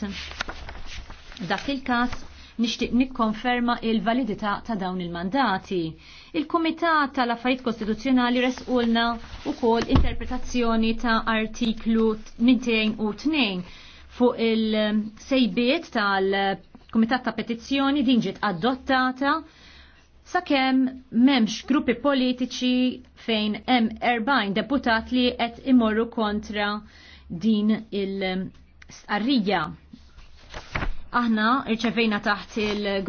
President. Dak il-kas nixtieq nikkonferma il-validità ta' dawn il-mandati. Il-Kumitat tal-Affarijiet Kostituzzjonali resqulna wkoll interpretazzjoni ta' artiklu 202 fuq il-sejbiet tal-Kumitat ta' Petizzjoni din ġiet adottata sakemm m'hemmx gruppi politiċi fejn hemm 40 deputat li qed imorru kontra din il-arrija. Aħna rċevejna taħt il